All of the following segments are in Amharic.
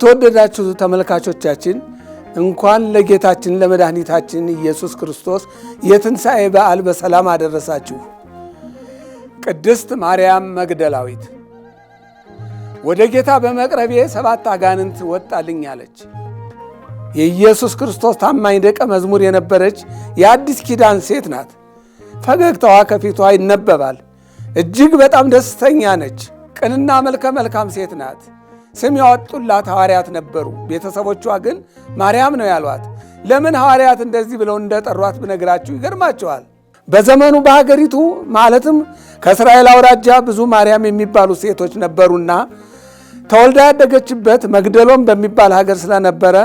የተወደዳችሁ ተመልካቾቻችን እንኳን ለጌታችን ለመድኃኒታችን ኢየሱስ ክርስቶስ የትንሣኤ በዓል በሰላም አደረሳችሁ። ቅድስት ማርያም መግደላዊት ወደ ጌታ በመቅረቤ ሰባት አጋንንት ወጣልኝ አለች። የኢየሱስ ክርስቶስ ታማኝ ደቀ መዝሙር የነበረች የአዲስ ኪዳን ሴት ናት። ፈገግታዋ ከፊቷ ይነበባል። እጅግ በጣም ደስተኛ ነች። ቅንና መልከ መልካም ሴት ናት። ስም ያወጡላት ሐዋርያት ነበሩ። ቤተሰቦቿ ግን ማርያም ነው ያሏት። ለምን ሐዋርያት እንደዚህ ብለው እንደጠሯት ብነግራችሁ ይገርማቸዋል። በዘመኑ በሀገሪቱ ማለትም ከእስራኤል አውራጃ ብዙ ማርያም የሚባሉ ሴቶች ነበሩና ተወልዳ ያደገችበት መግደሎም በሚባል ሀገር ስለነበረ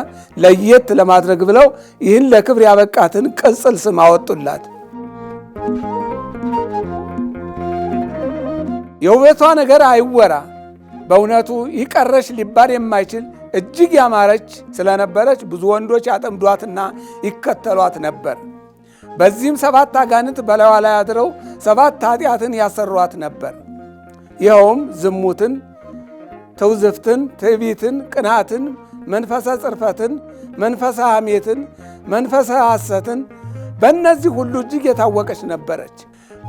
ለየት ለማድረግ ብለው ይህን ለክብር ያበቃትን ቅጽል ስም አወጡላት። የውበቷ ነገር አይወራ በእውነቱ ይቀረሽ ሊባል የማይችል እጅግ ያማረች ስለነበረች ብዙ ወንዶች ያጠምዷትና ይከተሏት ነበር። በዚህም ሰባት አጋንንት በላዋ ላይ አድረው ሰባት ኃጢአትን ያሰሯት ነበር። ይኸውም ዝሙትን፣ ትውዝፍትን፣ ትዕቢትን፣ ቅናትን፣ መንፈሰ ጽርፈትን፣ መንፈሰ ሐሜትን፣ መንፈሰ ሐሰትን በእነዚህ ሁሉ እጅግ የታወቀች ነበረች።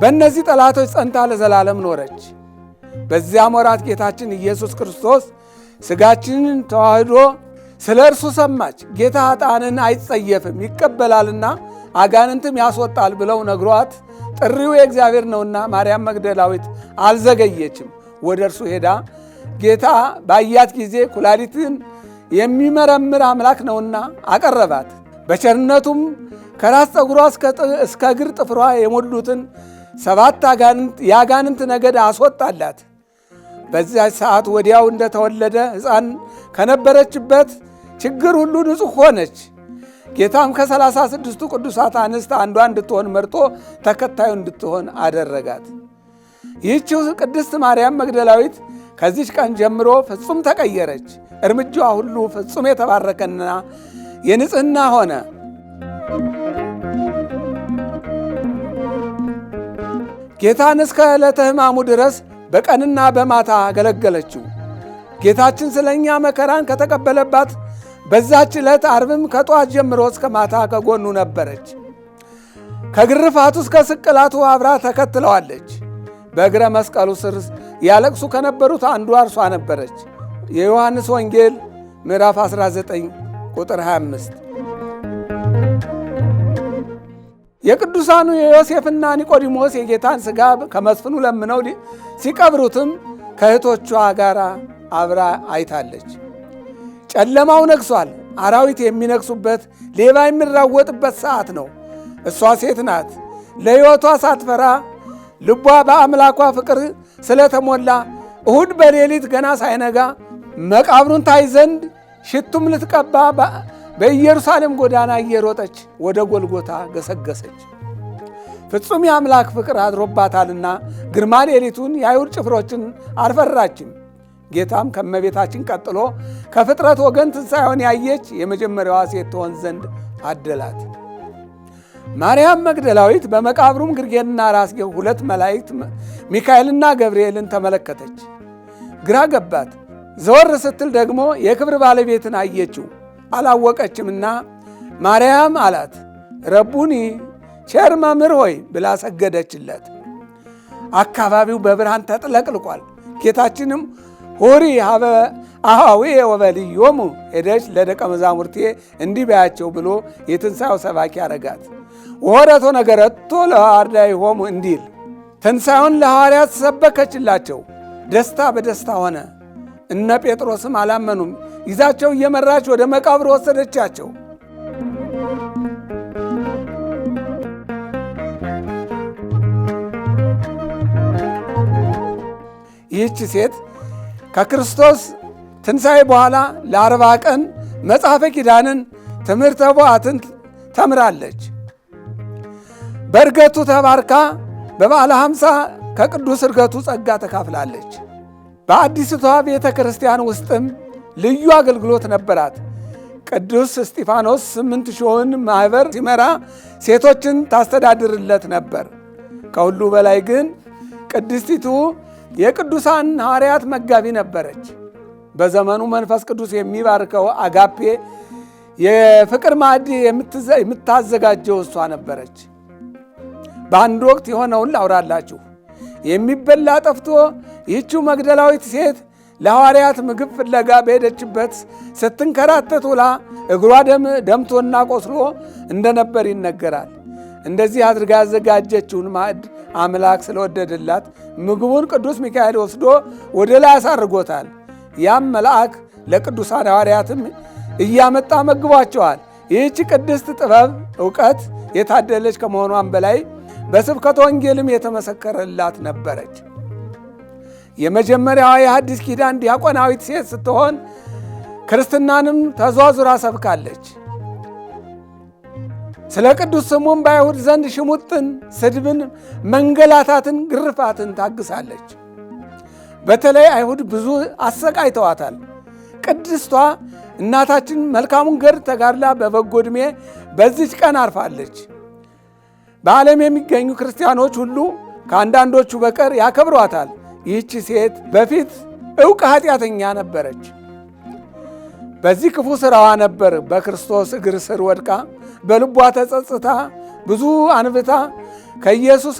በእነዚህ ጠላቶች ጸንታ ለዘላለም ኖረች። በዚያ ወራት ጌታችን ኢየሱስ ክርስቶስ ሥጋችንን ተዋህዶ ስለ እርሱ ሰማች። ጌታ ዕጣንን አይጸየፍም ይቀበላልና አጋንንትም ያስወጣል ብለው ነግሯት ጥሪው የእግዚአብሔር ነውና ማርያም መግደላዊት አልዘገየችም። ወደ እርሱ ሄዳ ጌታ ባያት ጊዜ ኩላሊትን የሚመረምር አምላክ ነውና አቀረባት። በቸርነቱም ከራስ ፀጉሯ እስከ እግር ጥፍሯ የሞሉትን ሰባት የአጋንንት ነገድ አስወጣላት። በዚያ ሰዓት ወዲያው እንደተወለደ ሕፃን ከነበረችበት ችግር ሁሉ ንጹሕ ሆነች። ጌታም ከሰላሳ ስድስቱ ቅዱሳት አንስት አንዷ እንድትሆን መርጦ ተከታዩ እንድትሆን አደረጋት። ይህችው ቅድስት ማርያም መግደላዊት ከዚች ቀን ጀምሮ ፍጹም ተቀየረች። እርምጃዋ ሁሉ ፍጹም የተባረከና የንጽህና ሆነ። ጌታን እስከ ዕለተ ሕማሙ ድረስ በቀንና በማታ አገለገለችው። ጌታችን ስለ እኛ መከራን ከተቀበለባት በዛች ዕለት አርብም ከጠዋት ጀምሮ እስከ ማታ ከጎኑ ነበረች። ከግርፋቱ እስከ ስቅላቱ አብራ ተከትለዋለች። በእግረ መስቀሉ ስር ያለቅሱ ከነበሩት አንዷ እርሷ ነበረች። የዮሐንስ ወንጌል ምዕራፍ 19 ቁጥር 25 የቅዱሳኑ የዮሴፍና ኒቆዲሞስ የጌታን ሥጋ ከመስፍኑ ለምነው ሲቀብሩትም ከእህቶቿ ጋር አብራ አይታለች። ጨለማው ነግሷል። አራዊት የሚነግሱበት፣ ሌባ የሚራወጥበት ሰዓት ነው። እሷ ሴት ናት። ለሕይወቷ ሳትፈራ ልቧ በአምላኳ ፍቅር ስለተሞላ እሁድ በሌሊት ገና ሳይነጋ መቃብሩን ታይ ዘንድ ሽቱም ልትቀባ በኢየሩሳሌም ጎዳና እየሮጠች ወደ ጎልጎታ ገሰገሰች። ፍጹም የአምላክ ፍቅር አድሮባታልና ግርማ ሌሊቱን የአይሁድ ጭፍሮችን አልፈራችም። ጌታም ከመቤታችን ቀጥሎ ከፍጥረት ወገን ትንሣኤውን ያየች የመጀመሪያዋ ሴት ትሆን ዘንድ አደላት። ማርያም መግደላዊት በመቃብሩም ግርጌንና ራስጌ ሁለት መላእክት ሚካኤልና ገብርኤልን ተመለከተች። ግራ ገባት። ዘወር ስትል ደግሞ የክብር ባለቤትን አየችው። አላወቀችምና ማርያም አላት ረቡኒ ቸር መምህር ሆይ ብላ ሰገደችለት። አካባቢው በብርሃን ተጥለቅልቋል። ጌታችንም ሆሪ አሃዊ ወበልዮሙ ሄደች ለደቀ መዛሙርቴ እንዲህ በያቸው ብሎ የትንሣኤው ሰባኪ አረጋት። ወረቶ ነገረቶ ለአርዳኢሆሙ እንዲል ትንሣኤውን ለሐዋርያት ሰበከችላቸው። ደስታ በደስታ ሆነ። እነ ጴጥሮስም አላመኑም። ይዛቸው እየመራች ወደ መቃብር ወሰደቻቸው። ይህች ሴት ከክርስቶስ ትንሣኤ በኋላ ለአርባ ቀን መጽሐፈ ኪዳንን ትምህርተ ቡዓትን ተምራለች። በእርገቱ ተባርካ በበዓለ ሀምሳ ከቅዱስ እርገቱ ጸጋ ተካፍላለች። በአዲስቷ ቤተ ክርስቲያን ውስጥም ልዩ አገልግሎት ነበራት። ቅዱስ እስጢፋኖስ ስምንት ሺሆን ማኅበር ሲመራ ሴቶችን ታስተዳድርለት ነበር። ከሁሉ በላይ ግን ቅድስቲቱ የቅዱሳን ሐዋርያት መጋቢ ነበረች። በዘመኑ መንፈስ ቅዱስ የሚባርከው አጋፔ የፍቅር ማዕድ የምታዘጋጀው እሷ ነበረች። በአንድ ወቅት የሆነውን ላውራላችሁ። የሚበላ ጠፍቶ ይህችው መግደላዊት ሴት ለሐዋርያት ምግብ ፍለጋ በሄደችበት ስትንከራተት ውላ እግሯ ደምቶና ቆስሎ እንደነበር ይነገራል። እንደዚህ አድርጋ ያዘጋጀችውን ማዕድ አምላክ ስለወደደላት ምግቡን ቅዱስ ሚካኤል ወስዶ ወደ ላይ አሳርጎታል። ያም መልአክ ለቅዱሳን ሐዋርያትም እያመጣ መግቧቸዋል። ይህች ቅድስት ጥበብ፣ እውቀት የታደለች ከመሆኗም በላይ በስብከት ወንጌልም የተመሰከረላት ነበረች። የመጀመሪያዋ የሐዲስ ኪዳን ዲያቆናዊት ሴት ስትሆን ክርስትናንም ተዟዙራ ሰብካለች። ስለ ቅዱስ ስሙም በአይሁድ ዘንድ ሽሙጥን፣ ስድብን፣ መንገላታትን፣ ግርፋትን ታግሳለች። በተለይ አይሁድ ብዙ አሰቃይተዋታል። ቅድስቷ እናታችን መልካሙን ገር ተጋድላ በበጎ ዕድሜ በዚች ቀን አርፋለች። በዓለም የሚገኙ ክርስቲያኖች ሁሉ ከአንዳንዶቹ በቀር ያከብሯታል። ይህች ሴት በፊት ዕውቅ ኃጢአተኛ ነበረች። በዚህ ክፉ ሥራዋ ነበር በክርስቶስ እግር ስር ወድቃ በልቧ ተጸጽታ ብዙ አንብታ ከኢየሱስ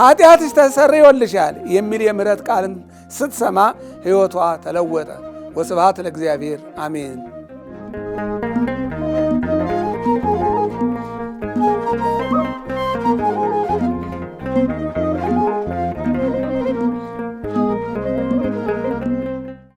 ኃጢአትሽ ተሰርዮልሻል የሚል የምሕረት ቃልን ስትሰማ ሕይወቷ ተለወጠ። ወስብሐት ለእግዚአብሔር አሜን።